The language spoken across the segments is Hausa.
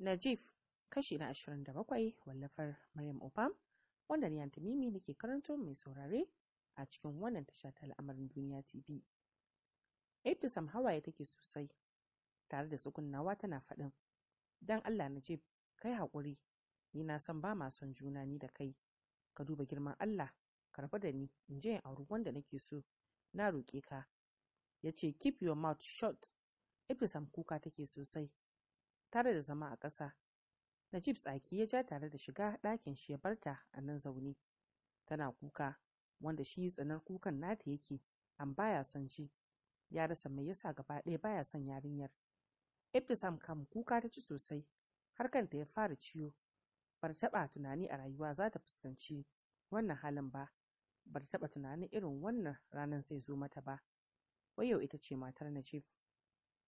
Najif kashi na ashirin da bakwai, wallafar Maryam Opam wanda ni Tamimi nake karanto mai saurare a cikin wannan tasha ta al'amarin duniya TV. Ibtisam hawaye take sosai tare da sukunnawa tana faɗin dan Allah Najib kai haƙuri ni na san ba ma son juna ni da kai ka duba girman Allah ka rabu da ni in je in auri wanda nake so na roƙe ka ya ce keep your mouth shut Ibtisam kuka take sosai tare da zama a ƙasa najib tsaki ya ja tare da shiga ɗakin shi ya barta a nan zaune tana kuka wanda shi tsanar kukan nata yake an baya son ji ya rasa mai yasa gaba ɗaya baya son yarinyar ibtisam kam kuka ta ci sosai har kanta ya fara ciwo bar taɓa tunani a rayuwa za ta fuskanci wannan halin ba bar taɓa tunanin irin wannan ranar zai zo mata ba wai yau ita ce matar najib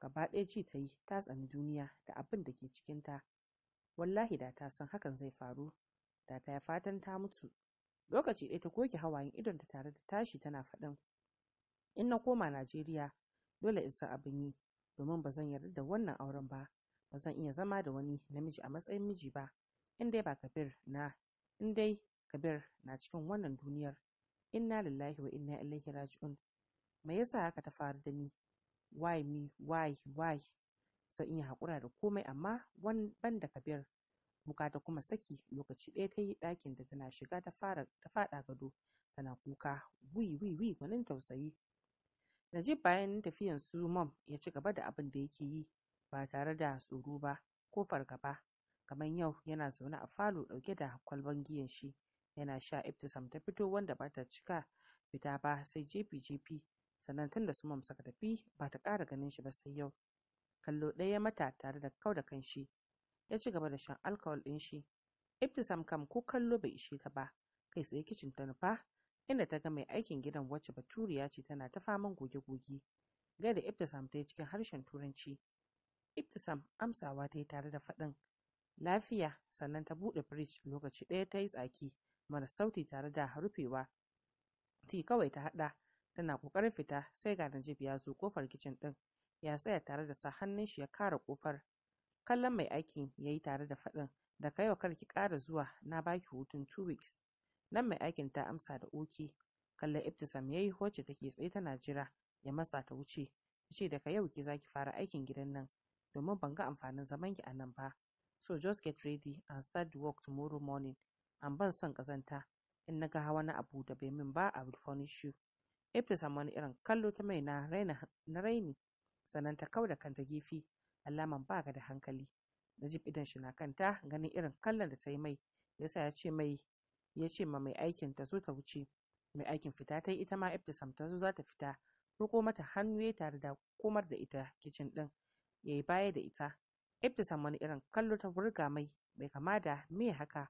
gaba ɗaya ji ta yi ta tsani duniya da abin da ke cikinta wallahi da ta san hakan zai faru da ta yi fatan ta mutu lokaci ɗaya ta goge hawayen ta tare da tashi tana faɗin in na koma najeriya dole in san abin yi domin ba zan yarda da wannan auren ba ba zan iya zama da wani namiji a matsayin miji ba in dai ba kabir na in dai kabir na cikin wannan duniyar inna lillahi wa inna ilaihi raji'un me yasa haka ta faru da ni why me why why sai in haƙura da komai amma ban da kabir kuka ta kuma saki lokaci ɗaya ta yi ɗakin da tana shiga ta ta faɗa gado tana kuka wi wi wi gwanin tausayi najib bayan tafiyan su mom ya ci gaba da abin da yake yi ba tare da tsoro ba ko fargaba kamar yau yana zaune a falo ɗauke da kwalban giyan shi yana sha iftisam ta fito wanda ba ta cika fita ba sai jefi jefi sannan tun da su mam suka tafi ba ta ƙara ganin shi ba sai yau kallo ɗaya mata tare da kau da kanshi ya ci gaba da shan alkawal ɗin shi ibtisam kam ko kallo bai ishe ta ba kai tsaye kicin ta nufa inda ta ga mai aikin gidan wacce baturiya ce tana ta faman goge-goge Gada ibtisam ta yi cikin harshen turanci ibtisam amsawa ta yi tare da faɗin lafiya sannan ta buɗe firij lokaci ɗaya ta yi tsaki mara sauti tare da rufewa ti kawai ta haɗa tana ƙoƙarin fita sai ga Najib ya zo kofar kicin ɗin ya tsaya tare da sa hannun shi ya kare kofar kallon mai aikin ya yi tare da faɗin da kaiwa karki ƙara zuwa na baki hutun two weeks nan mai aikin ta amsa da oke kallon ibtisam ya yi wacce take tsaye tana jira ya matsa ta wuce ce daga yau ki zaki fara aikin gidan nan domin ban ga amfanin zaman ki a nan ba so just get ready and start the work tomorrow morning an ban son kazanta in na ga hawa na abu da bai min ba i will furnish you ya fi wani irin kallo ta mai na raini sannan ta kau da kanta gefe alaman ba ga da hankali najib idan shi na kanta ganin irin kallon da ta yi mai yasa ya ce mai ya ce ma mai aikin ta zo ta wuce mai aikin fita ta yi ita ma ibtisam ta zo za ta fita roƙo mata hannu ya tare da komar da ita kicin ɗin ya yi baya da ita ibtisam wani irin kallo ta burga mai bai kama da me haka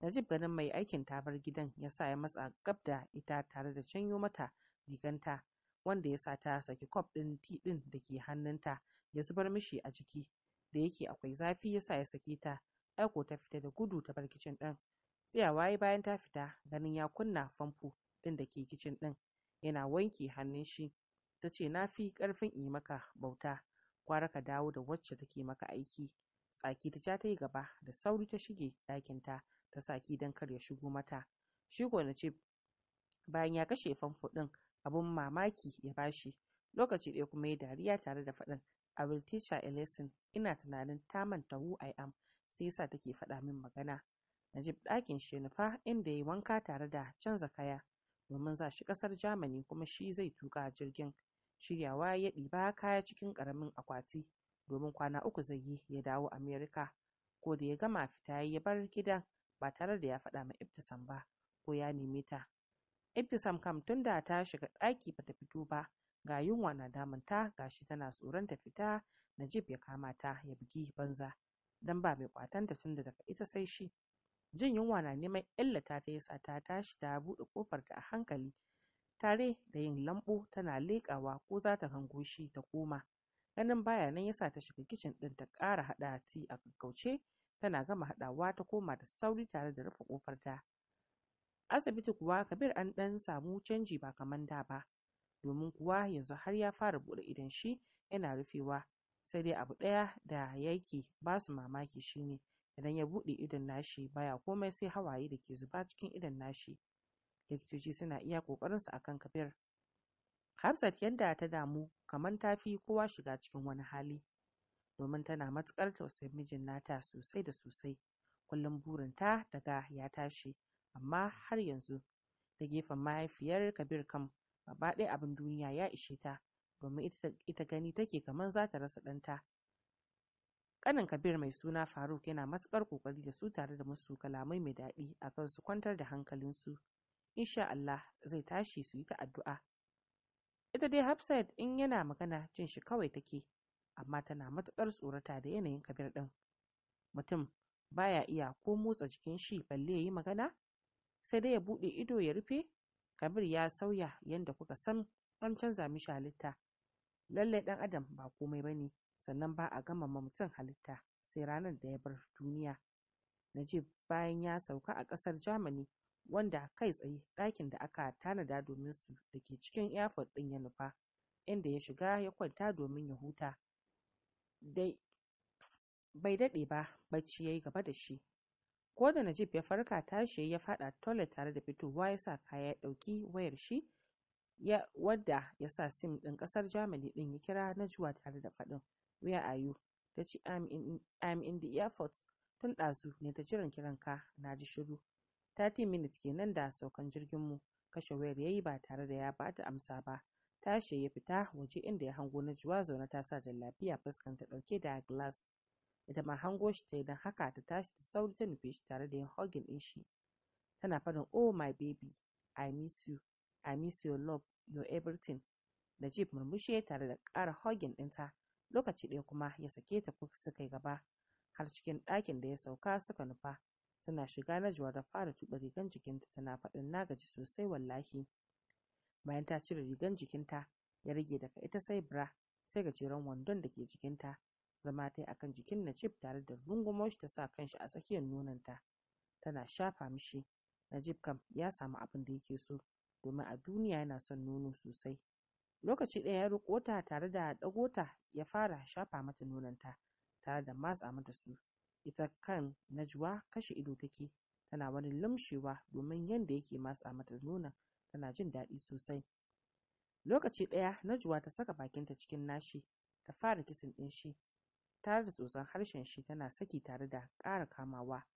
najib ganin mai aikin ta bar gidan ya sa ya matsa gab da ita tare da canyo mata riganta wanda ya ta saki kwaf ɗin ti ɗin da ke hannunta ya zubar mishi a jiki da yake akwai zafi ya ya sake ta aiko ta fita da gudu ta bar kicin ɗin tsayawa ya bayan ta fita ganin ya kunna famfo ɗin da ke kicin ɗin yana wanke hannun shi ta ce na fi ƙarfin maka bauta gwara ka dawo da wacce take maka aiki tsaki ta ja ta yi gaba da sauri ta shige ɗakinta ta saki don kar ya shigo mata Shigo na ce bayan ya kashe famfo ɗin abun mamaki ya bashi lokaci ɗaya kuma ya dariya tare da faɗin I will teach her a lesson ina tunanin ta manta who I am sai yasa take faɗa min magana Najib ɗakin shi inda ya yi wanka tare da canza kaya domin za shi ƙasar Germany kuma shi zai tuka jirgin shiryawa ya ɗiba kaya cikin ƙaramin akwati domin kwana uku zai yi ya dawo Amerika ko da ya gama fita ya bar gidan ba tare da ya faɗa ma iftisan ba ko ya neme ta Ibtisam kam tun da ta shiga ɗaki ba ta fito ba ga yunwa na damunta shi tana tsoron ta fita Najib ya kama ta ya bugi banza don ba mai kwatanta tun daga ita sai shi. Jin yunwa na neman illata ta yasa ta tashi ta buɗe kofar ta a hankali tare da yin lambo tana leƙawa ko za ta hango shi ta koma. Ganin baya nan yasa ta shiga kicin ɗin ta ƙara haɗa ti a gaggauce tana gama haɗawa ta koma da sauri tare da rufe kofar ta asibiti kuwa kabir an ɗan samu canji ba kaman da ba domin kuwa yanzu har ya fara buɗe idon shi yana rufewa sai dai abu ɗaya da yake ba su mamaki shine idan ya buɗe idon nashi baya komai sai hawaye da ke zuba cikin idon nashi likitoci suna iya ƙoƙarin su akan kabir hafsat yadda ta damu kaman ta fi kowa shiga cikin wani hali domin tana matuƙar tausayin mijin nata sosai da sosai kullum burin ta daga ya tashi amma har yanzu ta gefen mahaifiyar kabir kam gaba ɗaya abin duniya ya ishe ta domin ita gani take kamar za ta rasa ɗanta Ƙanin kabir mai suna faruk yana matuƙar ƙoƙari da su tare da musu kalamai mai daɗi akan su kwantar da hankalinsu insha Allah zai tashi su yi ta addu'a ita dai hafsat in yana magana cin shi kawai take amma tana matuƙar tsorata da yanayin kabir ɗin mutum baya iya ko motsa jikin shi balle ya yi magana sai dai ya buɗe ido ya rufe kabir ya sauya yadda kuka san an canza mishi halitta lallai ɗan adam ba komai bane sannan ba a gama ma mutum halitta sai ranar da ya bar duniya najib bayan ya sauka a ƙasar germany wanda kai tsaye ɗakin da aka tanada domin su da ke cikin airport ɗin ya nufa inda ya shiga ya kwanta domin ya huta bai daɗe ba bacci ya gaba da shi ko da najib ya farka tashi ya faɗa toilet tare da fitowa ya sa kaya ya ɗauki wayar shi ya wadda ya sa sim din kasar germany din ya kira na juwa tare da faɗin where are you ta ce i'm in the airport tun ɗazu ne ta jiran kiran ka na ji shiru 30 minutes kenan da saukan jirgin mu kashe wayar yayi ba tare da ya bata amsa ba tashi ya fita waje inda ya hango na juwa zaune ta sa jallabiya fuskan ta dauke da glass ita ma hango shi ta yi don haka ta tashi da sauri ta nufe shi tare da yin hugging ɗin shi tana faɗin oh my baby i miss you i miss your love your everything Najib murmushi tare da ƙara hugging ɗinta lokaci ɗaya kuma ya sake ta suka yi gaba har cikin ɗakin da ya sauka suka nufa tana shiga na juwa da fara tuɓa rigan jikinta tana faɗin na gaji sosai wallahi bayan ta cire rigan jikinta ya rage daga ita sai bra sai gajeren wandon da ke jikinta zama ta yi kan jikin najib tare da rungumo ta sa kanshi a tsakiyar nononta tana shafa mishi najib kam ya samu abin da yake so domin a duniya yana son nono sosai lokaci ɗaya ya riƙo ta tare da ɗago ya fara shafa mata nononta tare da matsa mata su ita kan najwa kashe ido take tana wani lumshewa domin yadda yake matsa mata nonon tana jin daɗi sosai lokaci ɗaya najwa ta saka bakinta cikin nashi ta fara kisan ɗin shi tare da tsotson harshen shi tana saki tare da ƙara kamawa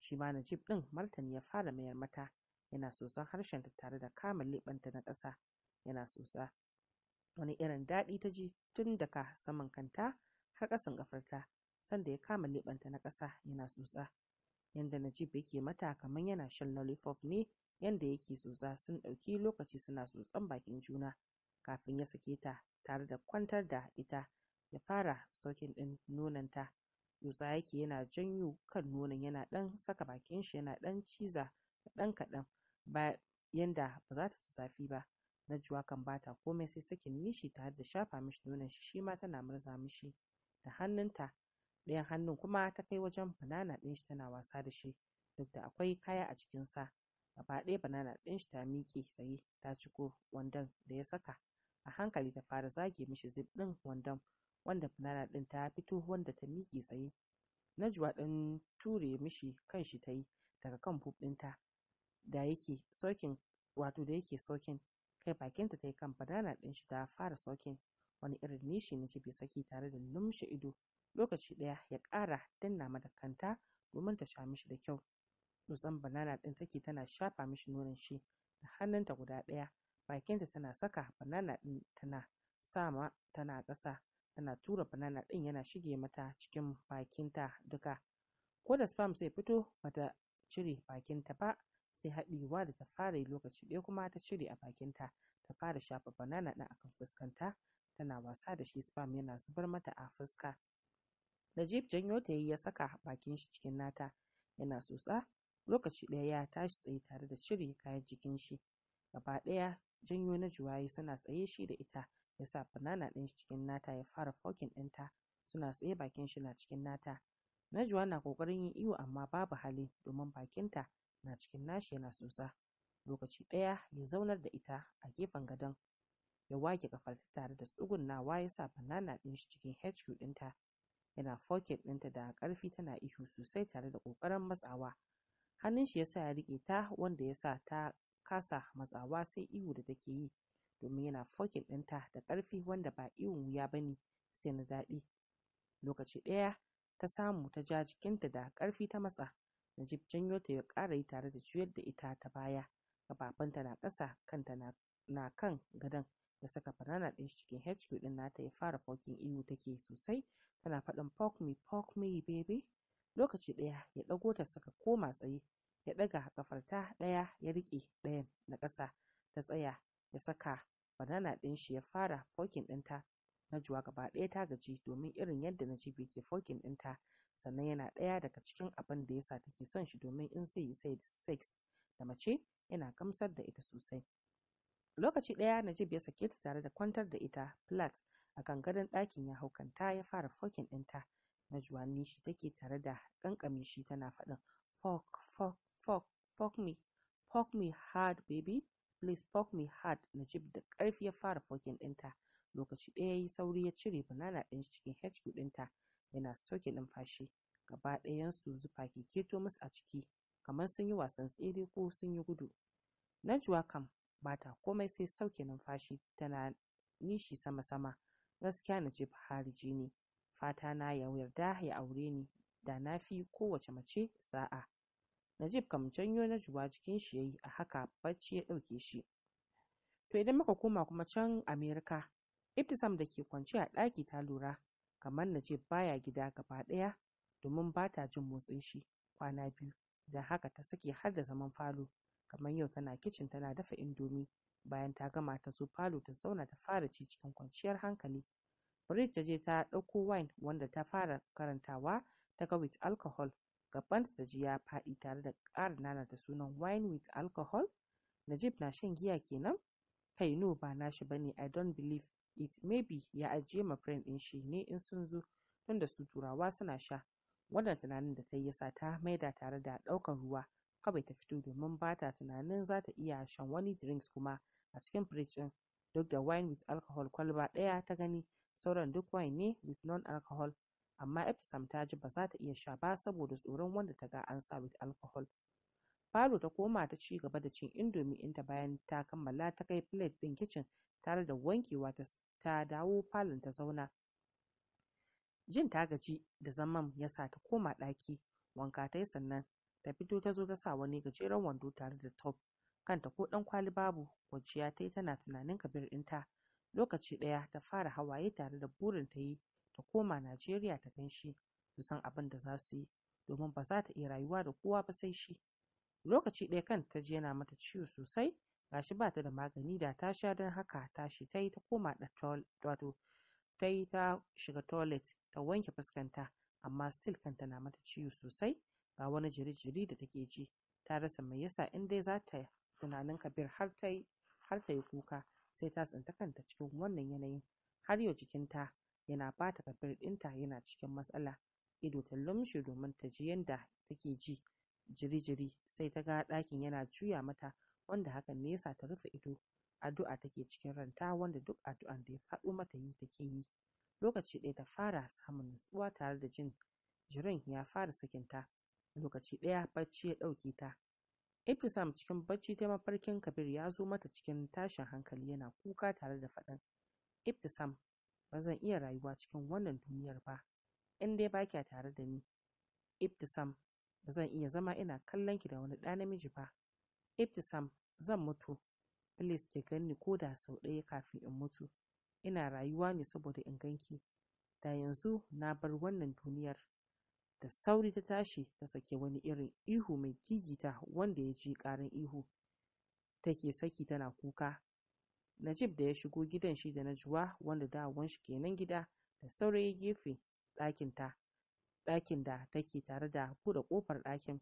shi ma najib ɗin martani ya fara mayar mata yana harshen ta tare da kama leɓanta na ƙasa yana tsotsa wani irin daɗi ta ji tun daga saman kanta har ƙasan ƙafarta sanda ya kama leɓanta na ƙasa yana tsotsa yanda najib yake mata kamar yana shan lollipop ne yanda yake tsotsa sun ɗauki lokaci suna tsotson bakin juna kafin ya sake ta tare da kwantar da ita ya fara sauƙin ɗin nononta tsotsa yake yana janyo kan nonon yana ɗan saka bakin shi yana ɗan ciza kaɗan kaɗan ba yanda ba za ta ci zafi ba najuwa kan bata, komai sai sakin nishi tare da shafa mishi nonon shi shi ma tana murza mishi da hannunta ɗayan hannun kuma ta kai wajen banana ɗin shi tana wasa da shi duk da akwai kaya a sa gaba ɗaya banana ɗin shi ta miƙe tsaye ta ciko wandon da ya saka a hankali ta fara zage mishi zip ɗin wandon wanda fulana ɗin ta fito wanda ta miƙe tsaye najwa ɗin ture mishi kanshi ta yi daga kan pub ɗinta da yake sokin wato da yake sokin kai bakinta ta yi kan banana ɗin shi ta fara sokin wani irin nishi na bai saki tare da numshe ido lokaci ɗaya ya ƙara danna mata kanta domin ta sha mishi da kyau dutsen banana ɗin take tana shafa mishi nonon shi da hannunta guda ɗaya bakinta tana saka banana ɗin tana sama tana ƙasa tana tura banana ɗin yana shige mata cikin bakinta duka ko da spam sai fito bata cire bakinta ba sai haɗiwa da ta fara yi lokaci ɗaya kuma ta cire a bakinta ta fara shafa banana ɗin akan fuskanta tana wasa da shi spam yana zubar mata a fuska najib janyo ta yi ya saka bakin shi cikin nata yana tsotsa lokaci ɗaya ya tashi tsaye tare da cire kayan jikin shi gaba ɗaya janyo na juwayi suna tsaye shi da ita ya sa banana ɗin shi cikin nata ya fara fokin ɗinta suna tsaye bakin shi na cikin nata Najuwa na ƙoƙarin yin iyo amma babu hali domin bakinta na cikin nashi yana tsotsa lokaci ɗaya ya zaunar da ita a gefen gadon ya wage kafarta tare da tsugunnawa ya sa banana ɗin shi cikin HQ ɗinta yana fokin ɗinta da ƙarfi tana ihu sosai tare da ƙoƙarin matsawa hannun shi ya sa ya riƙe ta wanda ya sa ta kasa matsawa sai ihu da take yi domin yana fokin ɗinta da ƙarfi wanda ba ihun wuya ba ne sai na daɗi lokaci ɗaya ta samu ta ja jikinta da ƙarfi ta matsa najib janyo ta ya ƙara yi tare da juyar da ita ta baya gabafanta na ƙasa kanta na, kan gadon da saka banana ɗin cikin HQ ɗin nata ya fara fokin ihu take sosai tana faɗin pok me pok me baby lokaci ɗaya ya ɗago ta saka koma tsaye ya ɗaga ƙafarta ɗaya ya riƙe ɗayan na ƙasa ta tsaya ya saka banana ɗin shi ya fara fokin ɗinta na juwa gaba ɗaya ta gaji domin irin yadda na jibi ke fokin ɗinta sannan yana ɗaya daga cikin abin da yasa take son shi domin in zai yi sex da mace yana gamsar da ita sosai lokaci ɗaya najib ya sake ta tare da kwantar da ita flat a kan gadon ɗakin ya haukanta ya fara fokin ɗinta na ni shi take tare da ɗan shi tana faɗin fok fok fok fok me fok me hard baby Please poke me hard na jib da ƙarfi ya fara fokin ɗinta lokaci ɗaya ya yi sauri ya cire banana ɗin cikin HQ ɗinta yana sauke numfashi gaba ɗayansu zufa ke keto musu a ciki kamar sun yi wasan tsere ko sun yi gudu Najwa kam ba ta komai sai sauke numfashi tana nishi sama-sama gaskiya na jib hariji ne fata na ya yarda ya aure ni da na fi kowace mace sa'a Najib kam janyo Najwa jikin shi yayi a haka bacci ya ɗauke shi. To idan muka koma kuma can Amerika, Ibtisam da ke kwance a ɗaki ta lura kamar Najib baya gida gaba ɗaya domin ba ta jin motsin shi kwana biyu da haka ta sake har da zaman falo kamar yau tana kicin tana dafa indomi bayan ta gama ta zo falo ta zauna ta fara ci cikin kwanciyar hankali. Bridge ta je ta ɗauko wine wanda ta fara karantawa ta ga with alcohol gabanta ta ji ya faɗi tare da ƙara nanata sunan wine with alcohol najib na shan giya kenan kai no ba nashi bane i don't believe it maybe ya ajiye ma friend ɗin shi ne in sun zo tunda su turawa suna sha wannan tunanin da ta yi yasa ta maida tare da ɗaukar ruwa kawai ta fito domin ba ta tunanin za ta iya shan wani drinks kuma a cikin fridge din duk da wine with alcohol kwalba ɗaya ta gani sauran duk wine ne with non alcohol amma Epsam ta ji ba za ta iya sha ba saboda tsoron wanda ta ga an sa with alcohol. Falo ta koma ta ci gaba da cin indomi inda bayan ta kammala ta kai plate ɗin kicin tare da wankewa ta dawo falon ta zauna. Jin ta gaji da zaman ya sa ta koma ɗaki wanka ta yi sannan ta fito ta zo ta sa wani gajeren wando tare da top kanta ko ɗan kwali babu kwanciya ta yi tana tunanin kabir ɗinta lokaci ɗaya ta fara hawaye tare da burin ta yi ta koma Najeriya ta ganshi shi su san abin da za su yi domin ba za ta iya rayuwa da kowa ba sai shi. Lokaci ɗaya kanta ta ji yana mata ciwo sosai gashi ba ta da magani da ta sha don haka tashi ta yi ta koma wato ta yi ta shiga toilet ta wanke fuskanta amma still kanta na mata ciwo sosai ga wani jiri-jiri da take ji ta rasa mai yasa in dai za ta tunanin kabir har ta yi har ta yi kuka sai ta tsinta kanta cikin wannan yanayin har yau jikinta yana bata kafet ɗinta yana cikin matsala ido ta lumshe domin ta ji yadda take ji jiri-jiri sai ta ga ɗakin yana juya mata wanda hakan nesa ta rufe ido addu'a take cikin ranta wanda duk addu'an da ya faɗo mata yi take yi lokaci ɗaya ta fara samun nutsuwa tare da jin jirin ya fara sakinta lokaci ɗaya bacci ya ɗauke ta Ibtisam cikin bacci ta mafarkin Kabir ya zo mata cikin tashin hankali yana kuka tare da faɗin Ibtisam ba zan iya rayuwa cikin wannan duniyar ba in dai ba kya tare da ni ibtisam ba zan iya zama ina kallon ki da wani ɗa namiji ba ibtisam zan mutu please ki ganni ko da sau ɗaya kafin in mutu ina rayuwa ne saboda in ganki da yanzu na bar wannan duniyar da sauri ta tashi ta sake wani irin ihu mai gigita wanda ya ji ƙarin ihu take saki tana kuka Najib da ya shigo gidan shi da na Najwa wanda dawowan shi kenan gida da saurayi gefe ɗakin ta ɗakin da take tare da buɗe ƙofar ɗakin.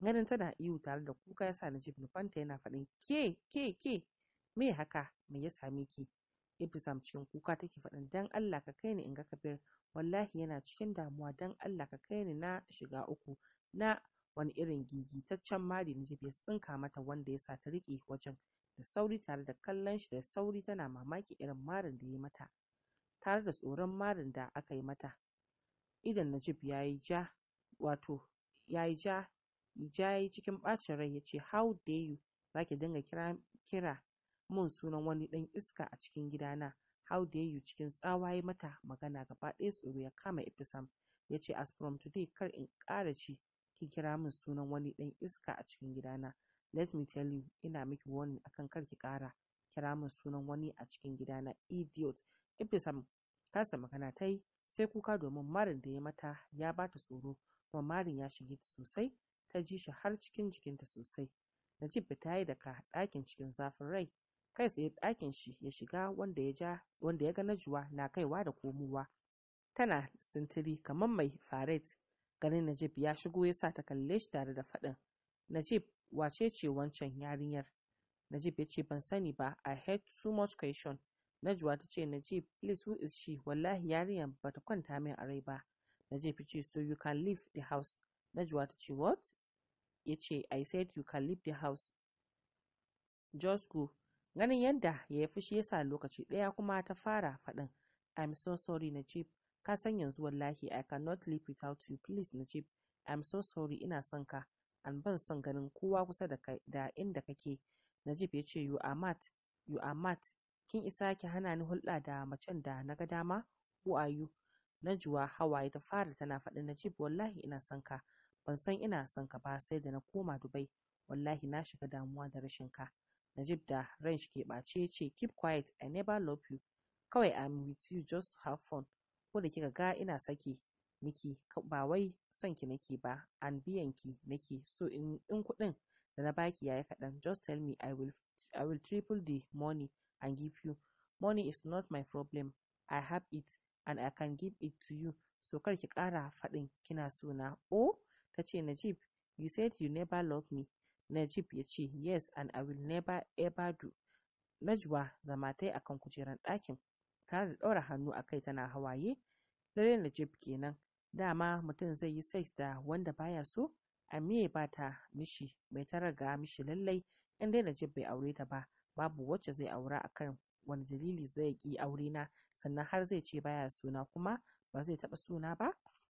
Ganin tana ihu tare da kuka ya sa Najib nufanta yana faɗin ke ke ke me haka me ya same ki. Ibtisam cikin kuka take faɗin dan Allah ka kai ni in ga kabir wallahi yana cikin damuwa dan Allah ka kai ni na shiga uku na wani irin gigitaccen mari Najib ya tsinka mata wanda ya sa ta riƙe wajen. da sauri tare da kallon shi da sauri tana mamaki irin marin da ya mata tare da tsoron marin da aka yi mata idan najib ya yi ja wato ya yi ja ya cikin ɓacin rai ya ce how dare you za ki dinga kira, kira mun sunan wani ɗan iska a cikin gidana how dare you cikin tsawa ya mata magana gaba ɗaya tsoro ya kama ifisam ya ce as from today kar in ƙara ci ki kira min sunan wani ɗan iska a cikin gidana let me tell you ina miki warning akan kar ki ƙara kira min sunan wani a cikin gida na idiot ibisam kasa magana ta yi sai kuka domin marin da ya mata ya ba ta tsoro kuma marin ya shige ta sosai ta ji shi har cikin jikinta sosai najib ta yi daga ɗakin cikin zafin rai kai tsaye ɗakin shi ya shiga wanda ya ja wanda ya ga najuwa na kaiwa da komowa tana sintiri kamar mai faret ganin najib ya shigo ya sa ta kalle shi tare da faɗin najib wace ce wancan yarinyar najib ya ce ban sani ba i had too much question najwa ta ce najib please who is she wallahi yarinyar ba ta kwanta min a rai ba najib ya ce so you can leave the house najwa ta ce what ya ce i said you can leave the house just go ganin yadda ya yi fushi yasa lokaci ɗaya kuma ta fara faɗin i'm so sorry najib ka san yanzu wallahi i cannot live without you please najib i'm so sorry ina son ka and ban son ganin kowa kusa da, da inda kake najib ya ce you are mad you are mad kin isa ki hana ni hulɗa da macen da na ga dama who are you najuwa hawaye ta fara tana faɗin najib wallahi ina son ka ban san ina son ka ba sai da na koma dubai wallahi na shiga damuwa da rashin ka najib da ran shi ke ɓace ya ce keep quiet i never love you kawai i'm with you just to have fun ko da kika ga ina saki miki ba wai son ki nake ba an biyan ki nake so in kuɗin da na baki yayi kaɗan just tell me I will I will triple the money and give you money is not my problem I have it and I can give it to you so kar ki ƙara faɗin kina so na oh ta ce Najib you said you never love me Najib ya ce yes and I will never ever do Najwa zama ta akan kujerar ɗakin tare da ɗaura hannu a kai tana hawaye dare Najib kenan dama mutum zai yi sex da wanda baya so a me ba ta mishi mai ta raga mishi lallai in dai Najib bai aure ta ba babu wacce zai aura akan wani dalili zai ki aure na sannan har zai ce baya suna kuma ba zai taɓa suna ba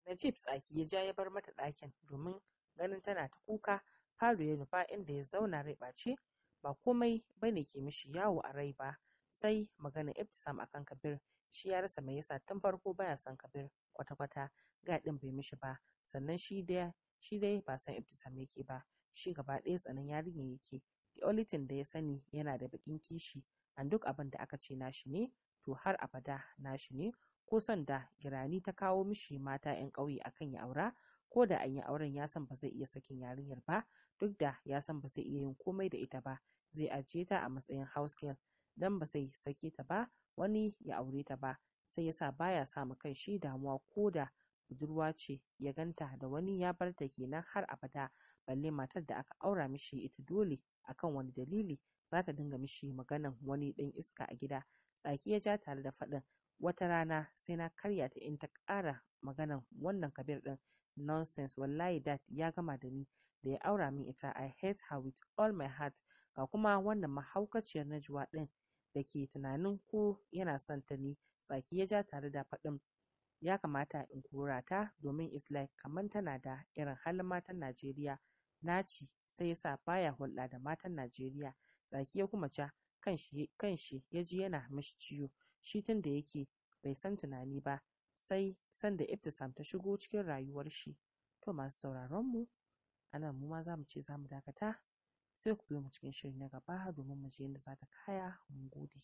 Najib tsaki ya ja ya bar mata ɗakin domin ganin tana ta kuka falo ya nufa inda ya zauna rai ɓace ba komai bane ke mishi yawo a rai ba sai magana Ibtisam akan Kabir shi ya rasa mai yasa tun farko baya son Kabir kwata-kwata ga ɗin bai mishi ba sannan shi dai shi dai ba san ibtisam yake ba shi gaba ɗaya tsanin yarinyar yake the only thing da ya sani yana da bakin kishi an duk abin da aka ce nashi ne to har abada nashi ne ko son da girani ta kawo mishi mata 'yan ƙauye akan ya aura ko da an yi auren ya san ba zai iya sakin yarinyar ba duk da ya san ba zai iya yin komai da ita ba zai ajiye ta a matsayin house girl dan ba zai sake ta ba wani ya aure ta ba sai yasa baya sa kan shi damuwa ko da budurwa ce ya ganta da wani ya bar ta kenan har abada balle matar da aka aura mishi ita dole akan wani dalili za ta dinga mishi maganan wani ɗan iska a gida tsaki ya ja tare da faɗin wata rana sai na karya ta in ta ƙara maganan wannan kabir ɗin nonsense wallahi dat ya gama da ni da ya aura min ita i hate her with all my heart ga kuma wannan mahaukaciyar najwa ɗin da ke tunanin ko yana son ta ne tsaki ya ja tare da faɗin ya kamata in kura ta domin is like kamar tana da irin halin matan Najeriya naci sai yasa baya hulɗa da matan Najeriya tsaki ya kuma ja shi ya ji yana mishi ciwo shi tun da yake bai san tunani ba sai sanda iftisam ta shigo cikin rayuwar shi to masu sauraron mu anan mu ma zamu ce zamu dakata sai ku biyo mu cikin shiri na gaba domin mu je inda za ta kaya mun gode